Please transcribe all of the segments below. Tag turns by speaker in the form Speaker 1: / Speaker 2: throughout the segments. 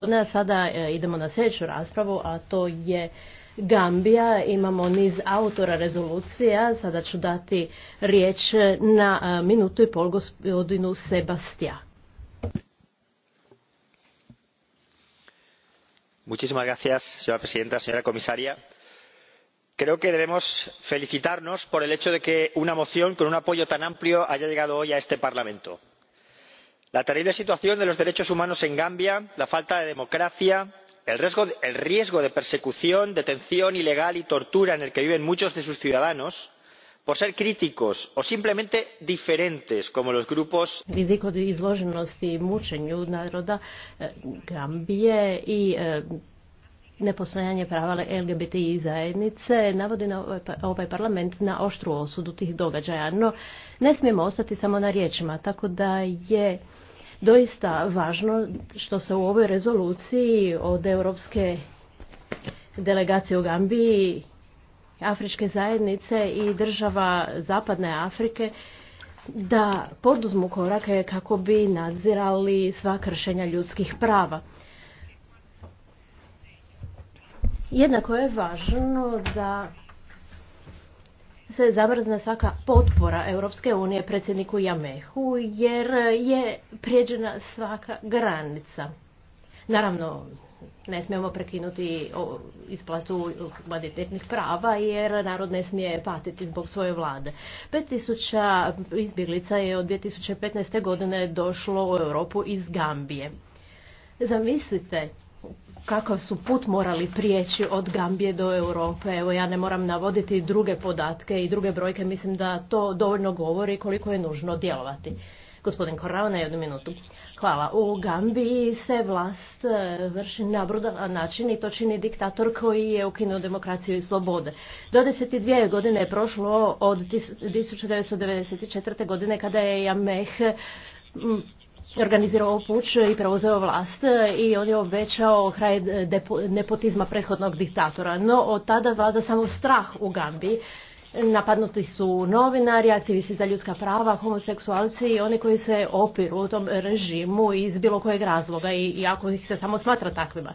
Speaker 1: Sada e, idemo na sljedeću raspravu, a to je Gambija. Imamo niz autora rezolucija. Sada ću dati riječ na e, minutu i pol gospodinu Sebastija.
Speaker 2: Muchísimas gracias, señora presidenta, señora comisaria. Creo que debemos felicitarnos por el hecho de que una moción con un apoyo tan amplio haya llegado hoy a este Parlamento la terrible situación de los derechos humanos en gambia la falta de democracia el riesgo de persecución detención ilegal y tortura en el que viven muchos de sus ciudadanos por ser críticos o simplemente diferentes como los grupos
Speaker 1: mučenju naroda eh, nepostojanje prava LGBTI zajednice navodi na ovaj, pa, ovaj parlament na oštru osudu tih događaja. No, ne smijemo ostati samo na riječima, tako da je doista važno što se u ovoj rezoluciji od Europske delegacije u Gambiji, Afričke zajednice i država Zapadne Afrike da poduzmu korake kako bi nadzirali sva kršenja ljudskih prava. Jednako je važno da se zamrzne svaka potpora Europske unije predsjedniku Jamehu jer je prijeđena svaka granica. Naravno, ne smijemo prekinuti isplatu humanitetnih prava jer narod ne smije patiti zbog svoje vlade. 5000 izbjeglica je od 2015. godine došlo u Europu iz Gambije. Zamislite kakav su put morali prijeći od Gambije do Europe. Evo ja ne moram navoditi druge podatke i druge brojke, mislim da to dovoljno govori koliko je nužno djelovati. Gospodin Korao, na jednu minutu. Hvala. U Gambiji se vlast e, vrši na brudan način i to čini diktator koji je ukinuo demokraciju i slobode. Do 22 godine je prošlo od 1994. godine kada je Jameh organizirao puč i preuzeo vlast i on je obećao kraj nepotizma prethodnog diktatora. No, od tada vlada samo strah u Gambi, Napadnuti su novinari, aktivisti za ljudska prava, homoseksualci i oni koji se opiru u tom režimu iz bilo kojeg razloga i, ako ih se samo smatra takvima.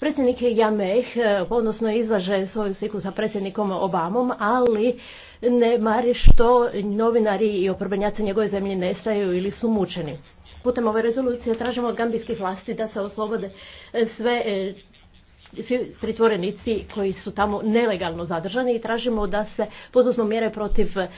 Speaker 1: Predsjednik Jameh odnosno izlaže svoju sliku sa predsjednikom Obamom, ali ne mari što novinari i oporbenjaci njegove zemlje nestaju ili su mučeni putem ove rezolucije tražimo od gambijskih vlasti da se oslobode e, sve e, pritvorenici koji su tamo nelegalno zadržani i tražimo da se poduzmu mjere protiv e,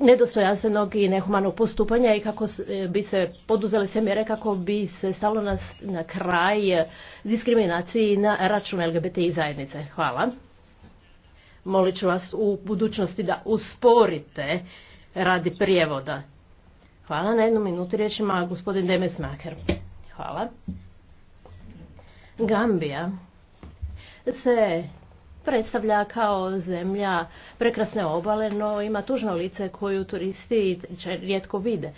Speaker 1: nedostojanstvenog i nehumanog postupanja i kako bi se poduzele sve mjere kako bi se stalo na, na kraj diskriminaciji na račun LGBTI zajednice. Hvala. Molit ću vas u budućnosti da usporite radi prijevoda. Hvala. Na jednu minutu riječima gospodin Demes Maher. Hvala. Gambija se predstavlja kao zemlja prekrasne obale, no ima tužno lice koju turisti rijetko vide.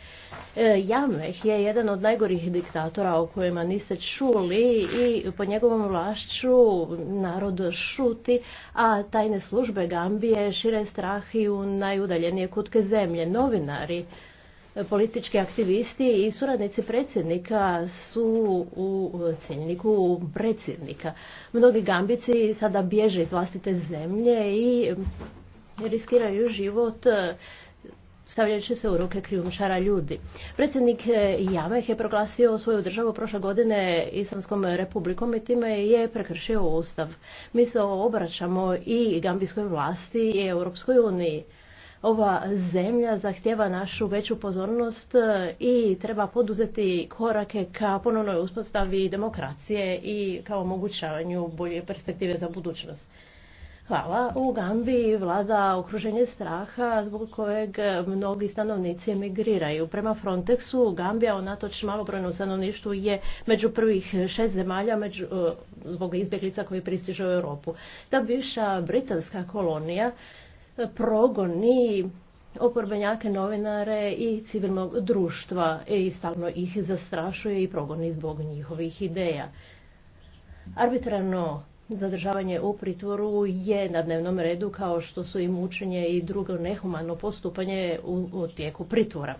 Speaker 1: E, Jameh je jedan od najgorih diktatora o kojima niste čuli i po njegovom vlašću narod šuti, a tajne službe Gambije šire strah u najudaljenije kutke zemlje. Novinari politički aktivisti i suradnici predsjednika su u ciljniku predsjednika. Mnogi gambici sada bježe iz vlastite zemlje i riskiraju život e, stavljajući se u ruke krijumčara ljudi. Predsjednik e, Jameh je proglasio svoju državu prošle godine Islamskom republikom i time je prekršio ustav. Mi se obraćamo i gambijskoj vlasti i Europskoj uniji ova zemlja zahtjeva našu veću pozornost e, i treba poduzeti korake ka ponovnoj uspostavi demokracije i ka omogućavanju bolje perspektive za budućnost. Hvala. U Gambiji vlada okruženje straha zbog kojeg mnogi stanovnici emigriraju. Prema Frontexu Gambija, onatoč malobrojnom stanovništvu, je među prvih šest zemalja e, zbog izbjeglica koji pristižu u Europu. Ta bivša britanska kolonija progoni oporbenjake novinare i civilnog društva i stalno ih zastrašuje i progoni zbog njihovih ideja. Arbitrarno zadržavanje u pritvoru je na dnevnom redu kao što su i mučenje i drugo nehumano postupanje u, u tijeku pritvora.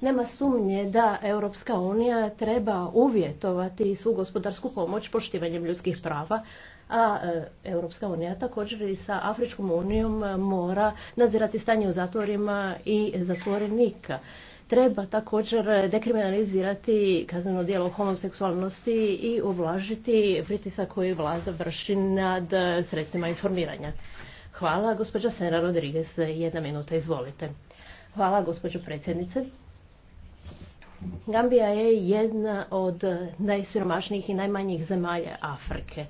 Speaker 1: Nema sumnje da Europska unija treba uvjetovati svu gospodarsku pomoć poštivanjem ljudskih prava, a e, Europska unija također i sa Afričkom unijom e, mora nadzirati stanje u zatvorima i zatvorenika. Treba također dekriminalizirati kazneno djelo homoseksualnosti i ublažiti pritisak koji vlada vrši nad e, sredstvima informiranja. Hvala, gospođa Sena Rodriguez, jedna minuta, izvolite. Hvala, gospođo predsjednice. Gambija je jedna od najsiromašnijih i najmanjih zemalja Afrike.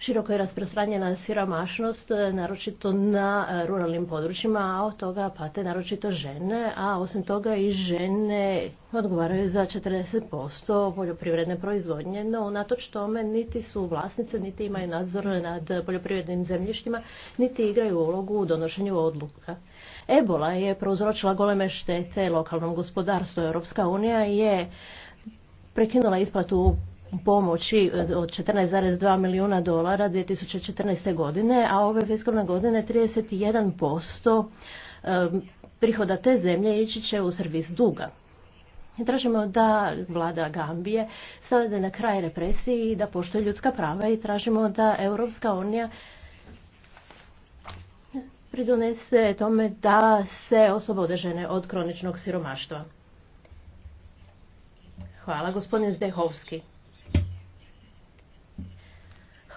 Speaker 1: Široko je rasprostranjena siromašnost, e, naročito na e, ruralnim područjima, a od toga pate naročito žene, a osim toga i žene odgovaraju za 40% poljoprivredne proizvodnje, no unatoč tome niti su vlasnice, niti imaju nadzor nad poljoprivrednim zemljištima, niti igraju ulogu u donošenju odluka. Ebola je prouzročila goleme štete lokalnom gospodarstvu. Europska unija je prekinula isplatu pomoći od 14,2 milijuna dolara 2014. godine, a ove fiskalne godine 31% prihoda te zemlje ići će u servis duga. Tražimo da vlada Gambije stavlja na kraj represiji i da poštuje ljudska prava i tražimo da Europska unija pridonese tome da se osoba odežene od kroničnog siromaštva. Hvala, gospodin Zdehovski.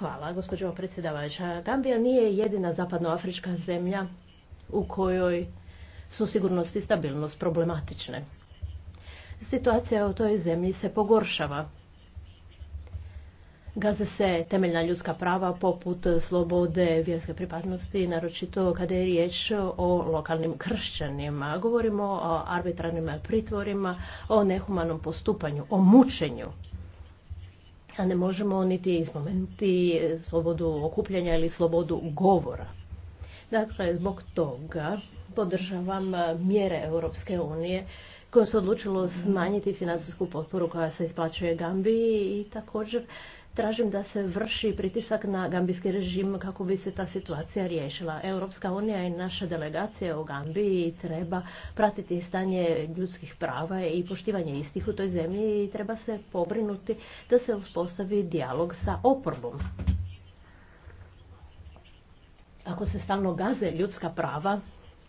Speaker 1: Hvala, gospođo predsjedavajuća. Gambija nije jedina zapadnoafrička zemlja u kojoj su sigurnost i stabilnost problematične. Situacija u toj zemlji se pogoršava. Gaze se temeljna ljudska prava poput slobode, vjerske pripadnosti, naročito kada je riječ o lokalnim kršćanima. Govorimo o arbitrarnim pritvorima, o nehumanom postupanju, o mučenju a ne možemo niti spomenuti slobodu okupljanja ili slobodu govora. Dakle, zbog toga podržavam mjere Europske unije koje se odlučilo smanjiti financijsku potporu koja se isplaćuje Gambiji i također tražim da se vrši pritisak na gambijski režim kako bi se ta situacija riješila. Europska unija i naša delegacija u Gambiji treba pratiti stanje ljudskih prava i poštivanje istih u toj zemlji i treba se pobrinuti da se uspostavi dijalog sa oporbom. Ako se stalno gaze ljudska prava,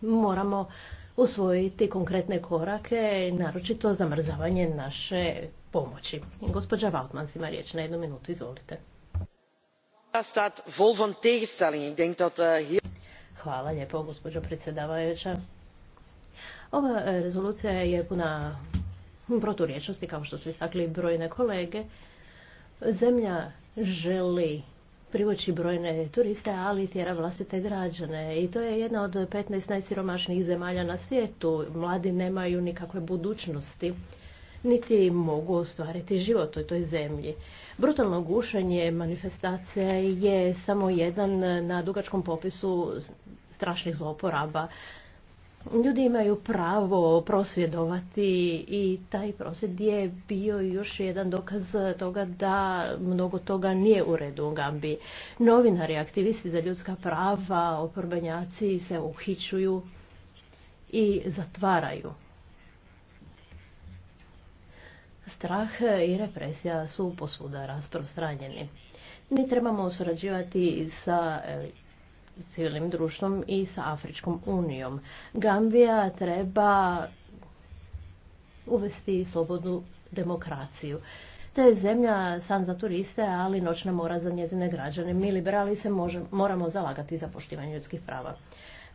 Speaker 1: moramo usvojiti konkretne korake, naročito zamrzavanje naše pomoći. Gospođa Valtmans ima riječ na jednu minutu, izvolite. Eh, Hvala lijepo, gospođo predsjedavajuća. Ova eh, rezolucija je puna proturječnosti, kao što su istakli brojne kolege. Zemlja želi privući brojne turiste, ali tjera vlastite građane. I to je jedna od 15 najsiromašnijih zemalja na svijetu. Mladi nemaju nikakve budućnosti niti mogu ostvariti život u toj zemlji. Brutalno gušenje manifestacija je samo jedan na dugačkom popisu strašnih zloporaba. Ljudi imaju pravo prosvjedovati i taj prosvjed je bio još jedan dokaz toga da mnogo toga nije u redu u Gambi. Novinari, aktivisti za ljudska prava, oporbenjaci se uhićuju i zatvaraju. Strah i represija su posvuda rasprostranjeni. Mi trebamo surađivati sa e, civilnim društvom i sa Afričkom unijom. Gambija treba uvesti slobodnu demokraciju. Te je zemlja san za turiste, ali noćna mora za njezine građane. Mi liberali se moramo zalagati za poštivanje ljudskih prava.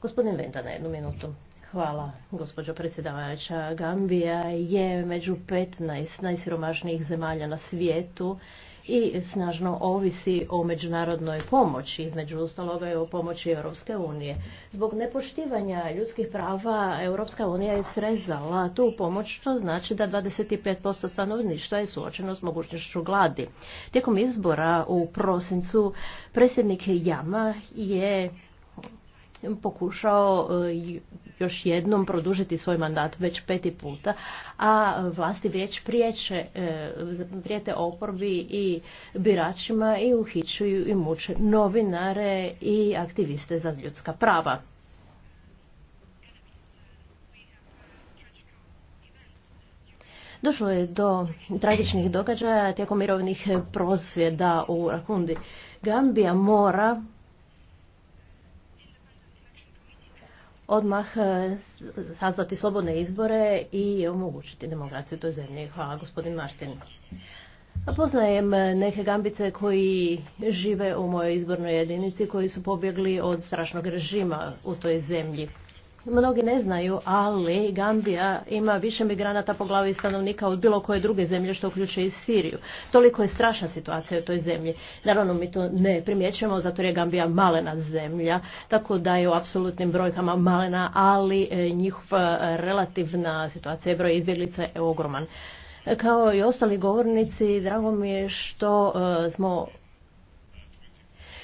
Speaker 1: Gospodin Venta na jednu minutu. Hvala, gospođo predsjedavajuća. Gambija je među 15 najsiromašnijih zemalja na svijetu i snažno ovisi o međunarodnoj pomoći, između ostaloga i o pomoći Europske unije. Zbog nepoštivanja ljudskih prava Europska unija je srezala tu pomoć, što znači da 25% stanovništva je suočeno s mogućnošću gladi. Tijekom izbora u prosincu predsjednik Jama je pokušao e, još jednom produžiti svoj mandat već peti puta, a vlasti već priječe, e, prijete oporbi i biračima i uhićuju i muče novinare i aktiviste za ljudska prava. Došlo je do tragičnih događaja tijekom mirovnih prosvjeda u Rakundi. Gambija mora odmah e, sazvati slobodne izbore i omogućiti demokraciju toj zemlji. Hvala gospodin Martin. Poznajem neke gambice koji žive u mojoj izbornoj jedinici, koji su pobjegli od strašnog režima u toj zemlji. Mnogi ne znaju, ali Gambija ima više migranata po glavi stanovnika od bilo koje druge zemlje što uključuje i Siriju. Toliko je strašna situacija u toj zemlji. Naravno mi to ne primjećujemo zato je Gambija malena zemlja, tako da je u apsolutnim brojkama malena, ali e, njihov e, relativna situacija broj izbjeglica je ogroman. E, kao i ostali govornici, drago mi je što smo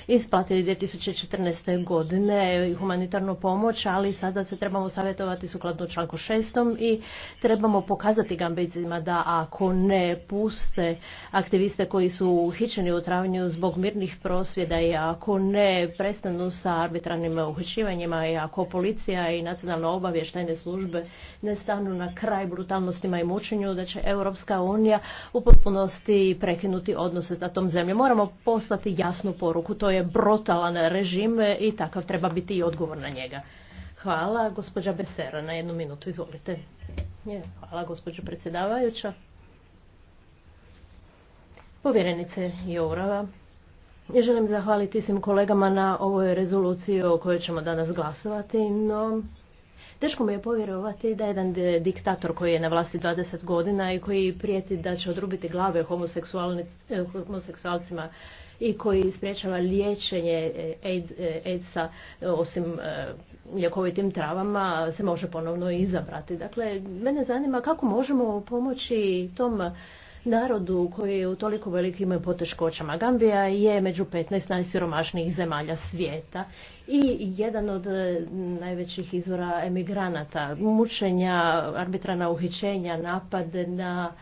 Speaker 1: isplatili 2014. godine humanitarnu pomoć, ali sada se trebamo savjetovati sukladno članku 6. i trebamo pokazati Gambicima da ako ne puste aktiviste koji su uhićeni u travnju zbog mirnih prosvjeda i ako ne prestanu sa arbitranim uhićivanjima i ako policija i nacionalno obavještajne službe ne stanu na kraj brutalnostima i mučenju, da će Europska unija u potpunosti prekinuti odnose sa tom zemljom. Moramo poslati jasnu poruku, to je režime režim i takav treba biti i odgovor na njega. Hvala, gospođa Besera, na jednu minutu, izvolite. Hvala, gospođa predsjedavajuća. Povjerenice ja želim zahvaliti svim kolegama na ovoj rezoluciji o kojoj ćemo danas glasovati, no Teško mi je povjerovati da jedan diktator koji je na vlasti 20 godina i koji prijeti da će odrubiti glave eh, homoseksualcima i koji sprječava liječenje e, e, AIDS-a e, osim ljekovitim travama se može ponovno izabrati. Dakle, mene zanima kako možemo pomoći tom narodu koji je u toliko velikim poteškoćama. Gambija je među 15 najsiromašnijih zemalja svijeta i jedan od najvećih izvora emigranata. Mučenja, arbitrana uhićenja, napade na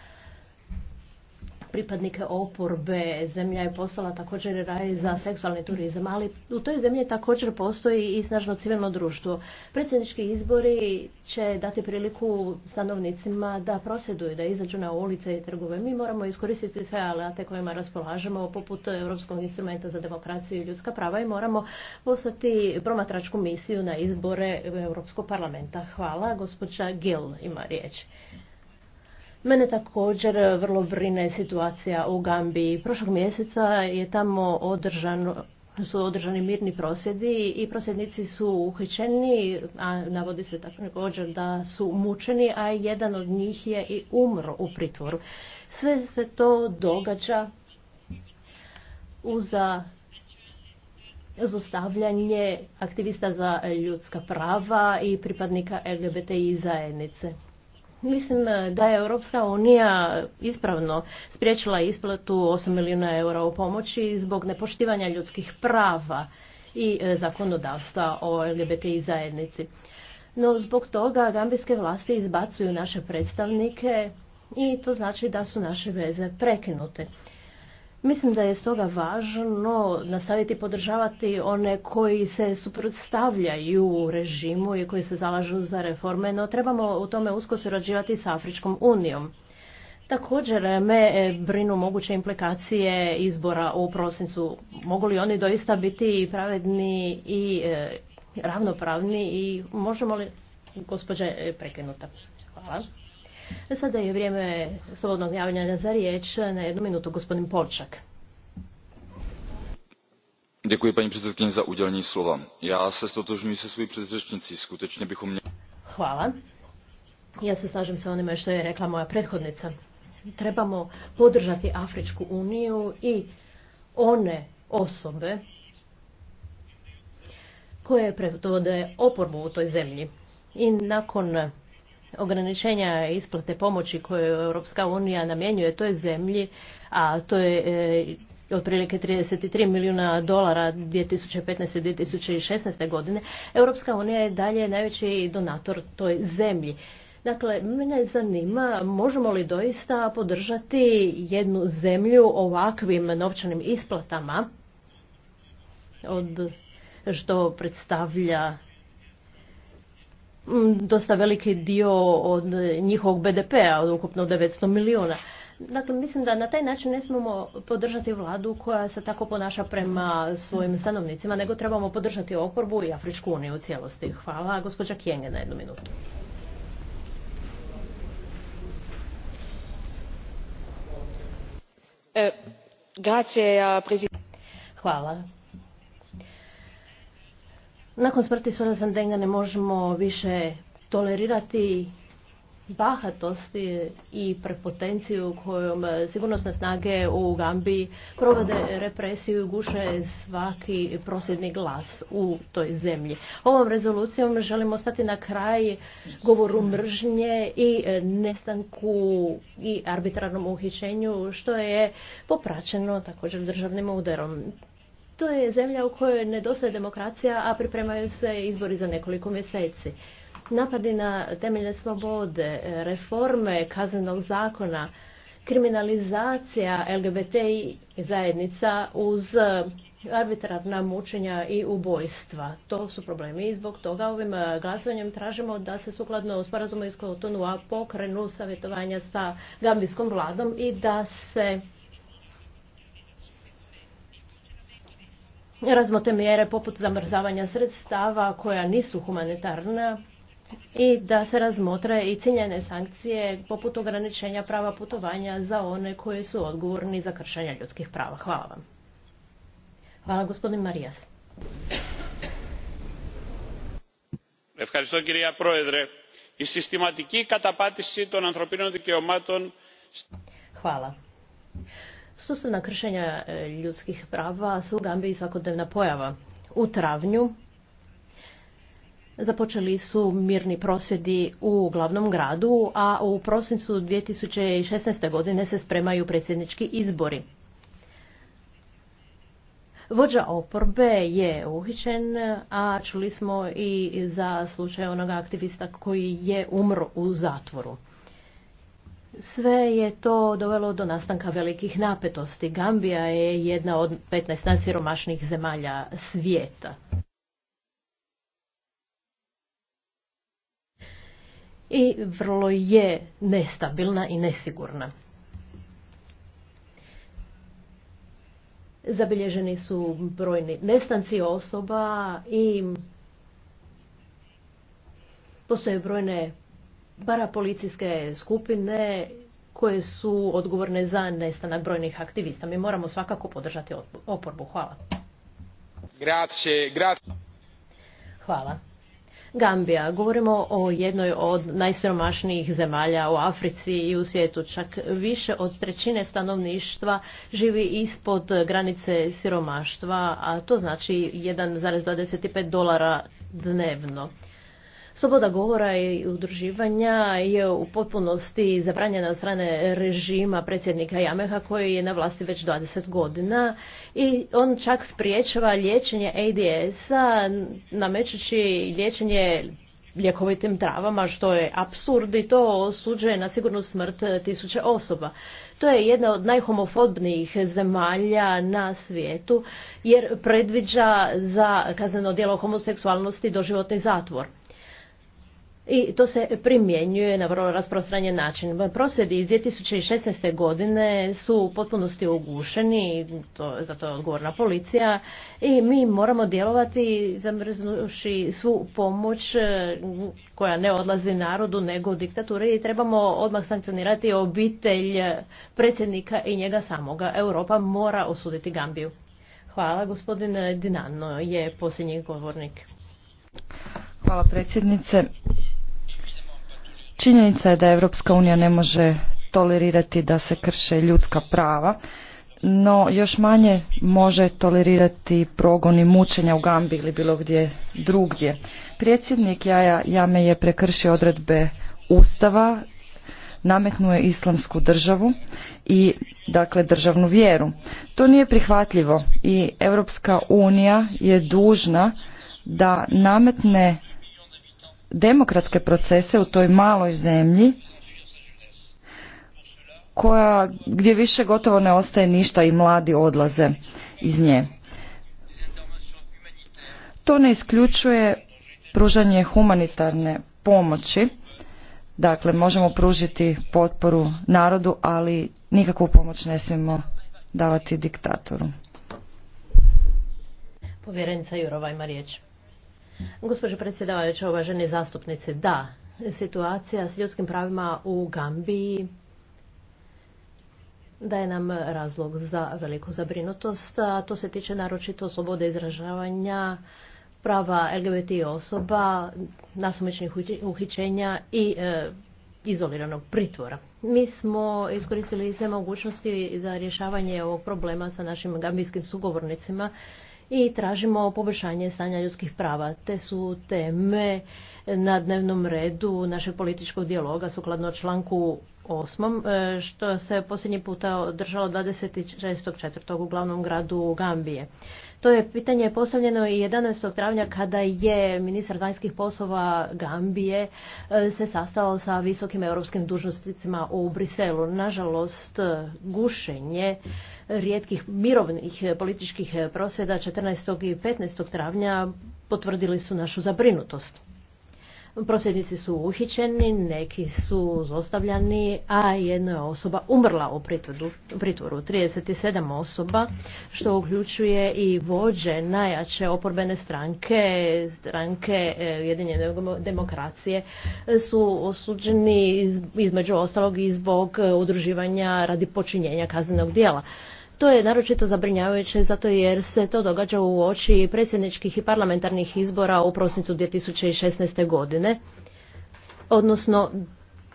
Speaker 1: pripadnike oporbe. Zemlja je postala također raj za seksualni turizam, ali u toj zemlji također postoji i snažno civilno društvo. Predsjednički izbori će dati priliku stanovnicima da prosjeduju, da izađu na ulice i trgove. Mi moramo iskoristiti sve alate kojima raspolažemo, poput Europskog instrumenta za demokraciju i ljudska prava i moramo poslati promatračku misiju na izbore Europskog parlamenta. Hvala. Gospođa Gill ima riječ. Mene također vrlo brine situacija u Gambiji. Prošlog mjeseca je tamo održan su održani mirni prosvjedi i prosvjednici su uhićeni, a navodi se također da su mučeni, a jedan od njih je i umro u pritvoru. Sve se to događa uz ostavljanje aktivista za ljudska prava i pripadnika LGBTI zajednice. Mislim eh, da je Europska unija ispravno spriječila isplatu 8 milijuna eura u pomoći zbog nepoštivanja ljudskih prava i eh, zakonodavstva o LGBTI zajednici. No zbog toga gambijske vlasti izbacuju naše predstavnike i to znači da su naše veze prekinute. Mislim da je stoga važno nastaviti podržavati one koji se suprotstavljaju režimu i koji se zalažu za reforme, no trebamo u tome usko surađivati sa Afričkom unijom. Također me brinu moguće implikacije izbora u prosincu. Mogu li oni doista biti pravedni i e, ravnopravni i možemo li, gospođe prekinuta. Hvala. E, sada je vrijeme slobodnog javljanja za riječ. Na jednu minutu gospodin Polčak.
Speaker 2: Děkuji paní za udělení slova. Já se stotožňuji se svojí Skutečně bychom
Speaker 1: Hvala. Ja se slažem sa onime što je rekla moja prethodnica. Trebamo podržati Afričku uniju i one osobe koje predvode oporbu u toj zemlji. I nakon ograničenja isplate pomoći koje Europska unija namjenjuje toj zemlji, a to je e, otprilike 33 milijuna dolara 2015. 2016. godine, Europska unija je dalje najveći donator toj zemlji. Dakle, mene zanima možemo li doista podržati jednu zemlju ovakvim novčanim isplatama od što predstavlja Mm, dosta veliki dio od njihovog BDP-a, od ukupno 900 milijuna. Dakle, mislim da na taj način ne smemo podržati vladu koja se tako ponaša prema svojim stanovnicima, nego trebamo podržati oporbu i Afričku uniju u cijelosti. Hvala. Gospođa Kjenge na jednu minutu. E, Hvala. Nakon smrti Sona Sandenga ne možemo više tolerirati bahatosti i prepotenciju kojom sigurnosne snage u Gambiji provode represiju i guše svaki prosjedni glas u toj zemlji. Ovom rezolucijom želimo stati na kraj govoru mržnje i nestanku i arbitrarnom uhićenju što je popraćeno također državnim udarom. To je zemlja u kojoj nedostaje demokracija, a pripremaju se izbori za nekoliko mjeseci. Napadi na temeljne slobode, reforme kaznenog zakona, kriminalizacija LGBT zajednica uz arbitrarna mučenja i ubojstva. To su problemi i zbog toga ovim glasovanjem tražimo da se sukladno sporazumu iz Kotonua pokrenu savjetovanja sa gambijskom vladom i da se razmote mjere poput zamrzavanja sredstava koja nisu humanitarna i da se razmotre i ciljene sankcije poput ograničenja prava putovanja za one koji su odgovorni za kršenje ljudskih prava. Hvala vam. Hvala gospodin Marijas. Hvala. Sustavna kršenja e, ljudskih prava su u Gambiji svakodnevna pojava. U travnju započeli su mirni prosvjedi u glavnom gradu, a u prosincu 2016. godine se spremaju predsjednički izbori. Vođa oporbe je uhićen, a čuli smo i za slučaj onoga aktivista koji je umro u zatvoru. Sve je to dovelo do nastanka velikih napetosti. Gambija je jedna od 15 najsiromašnijih zemalja svijeta. I vrlo je nestabilna i nesigurna. Zabilježeni su brojni nestanci osoba i postoje brojne parapolicijske skupine koje su odgovorne za nestanak brojnih aktivista. Mi moramo svakako podržati oporbu. Hvala. Grazie, grazie. Hvala. Gambija. Govorimo o jednoj od najsiromašnijih zemalja u Africi i u svijetu. Čak više od trećine stanovništva živi ispod granice siromaštva, a to znači 1,25 dolara dnevno. Sloboda govora i udruživanja je u potpunosti zabranjena od strane režima predsjednika Jameha koji je na vlasti već 20 godina i on čak spriječava liječenje ADS-a namećući liječenje ljekovitim travama, što je absurd i to osuđuje na sigurnu smrt tisuće osoba. To je jedna od najhomofobnijih zemalja na svijetu jer predviđa za kazneno djelo homoseksualnosti doživotni zatvor i to se primjenjuje na vrlo rasprostranjen način. Prosvjedi iz 2016. godine su u potpunosti ugušeni, to, zato je odgovorna policija, i mi moramo djelovati zamrznuši svu pomoć e, koja ne odlazi narodu nego diktaturi i trebamo odmah sankcionirati obitelj predsjednika i njega samoga. Europa mora osuditi Gambiju. Hvala, gospodin Dinano je posljednji govornik. Hvala predsjednice.
Speaker 2: Činjenica je da Europska unija ne može tolerirati da se krše ljudska prava, no još manje može tolerirati progon i mučenja u Gambi ili bilo gdje drugdje. Predsjednik Jaja Jame je prekršio odredbe Ustava, nametnuo je islamsku državu i dakle državnu vjeru. To nije prihvatljivo i Europska unija je dužna da nametne demokratske procese u toj maloj zemlji koja, gdje više gotovo ne ostaje ništa i mladi odlaze iz nje. To ne isključuje pružanje humanitarne pomoći, dakle možemo pružiti potporu narodu, ali nikakvu pomoć ne smijemo davati diktatoru.
Speaker 1: Povjerenica Jurova ima riječ. Gospođo predsjedavajuća, uvaženi zastupnici, da, situacija s ljudskim pravima u Gambiji daje nam razlog za veliku zabrinutost, to se tiče naročito slobode izražavanja, prava LGBT osoba, nasumičnih uhićenja i e, izoliranog pritvora. Mi smo iskoristili sve mogućnosti za rješavanje ovog problema sa našim gambijskim sugovornicima i tražimo poboljšanje stanja ljudskih prava. Te su teme na dnevnom redu našeg političkog dijaloga sukladno članku 8. E, što se posljednji puta održalo 26.4. u glavnom gradu Gambije. To je pitanje postavljeno i 11. travnja kada je ministar vanjskih poslova Gambije e, se sastao sa visokim europskim dužnosticima u Briselu. Nažalost, gušenje rijetkih mirovnih političkih prosvjeda 14. i 15. travnja potvrdili su našu zabrinutost. Prosvjednici su uhićeni, neki su zostavljani, a jedna je osoba umrla u pritvoru, 37 osoba, što uključuje i vođe najjače oporbene stranke, stranke e, Ujedinjene demokracije, su osuđeni između ostalog i zbog e, udruživanja radi počinjenja kaznenog dijela. To je naročito zabrinjavajuće zato jer se to događa u oči predsjedničkih i parlamentarnih izbora u prosincu 2016. godine, odnosno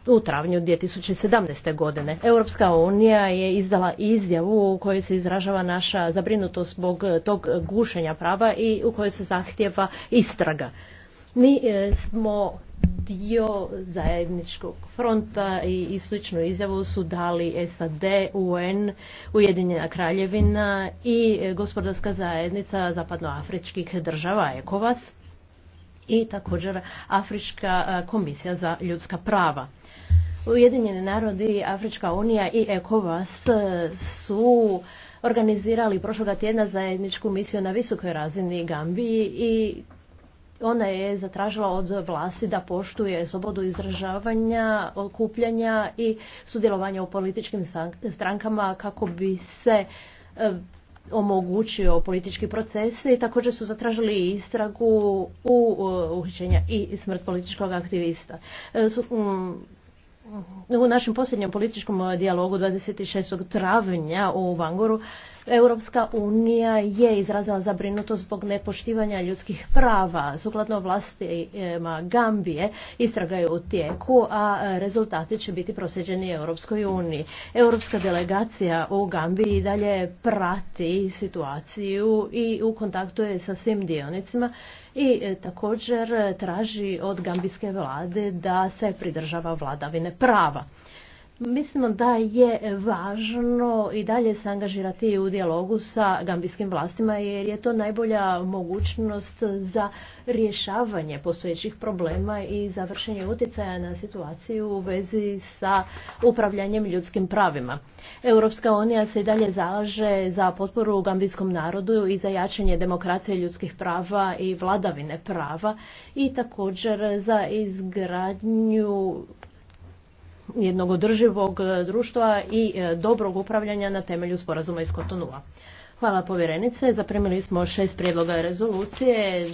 Speaker 1: u travnju 2017. godine. Europska unija je izdala izjavu u kojoj se izražava naša zabrinutost zbog tog gušenja prava i u kojoj se zahtjeva istraga. Mi e, smo dio zajedničkog fronta i, i sličnu izjavu su dali SAD, UN, Ujedinjena kraljevina i e, gospodarska zajednica zapadnoafričkih država ECOWAS i također Afrička e, komisija za ljudska prava. Ujedinjeni narodi, Afrička unija i ECOWAS e, su organizirali prošloga tjedna zajedničku misiju na visokoj razini Gambiji i ona je zatražila od vlasti da poštuje slobodu izražavanja, okupljanja i sudjelovanja u političkim strankama kako bi se e, omogućio politički proces i također su zatražili istragu u e, uhićenja i smrt političkog aktivista. E, mm, u našem posljednjem političkom dijalogu 26. travnja u Vangoru Europska unija je izrazila zabrinutost zbog nepoštivanja ljudskih prava. Sukladno vlastima Gambije istraga je u tijeku, a rezultati će biti prosjeđeni Europskoj uniji. Europska delegacija u Gambiji dalje prati situaciju i u kontaktu je sa svim dionicima i također traži od gambijske vlade da se pridržava vladavine prava. Mislimo da je važno i dalje se angažirati u dijalogu sa gambijskim vlastima jer je to najbolja mogućnost za rješavanje postojećih problema i završenje vršenje utjecaja na situaciju u vezi sa upravljanjem ljudskim pravima. Europska unija se i dalje zalaže za potporu gambijskom narodu i za jačanje demokracije ljudskih prava i vladavine prava i također za izgradnju jednog održivog e, društva i e, dobrog upravljanja na temelju sporazuma iz Kotonua. Hvala povjerenice. Zaprimili smo šest prijedloga rezolucije.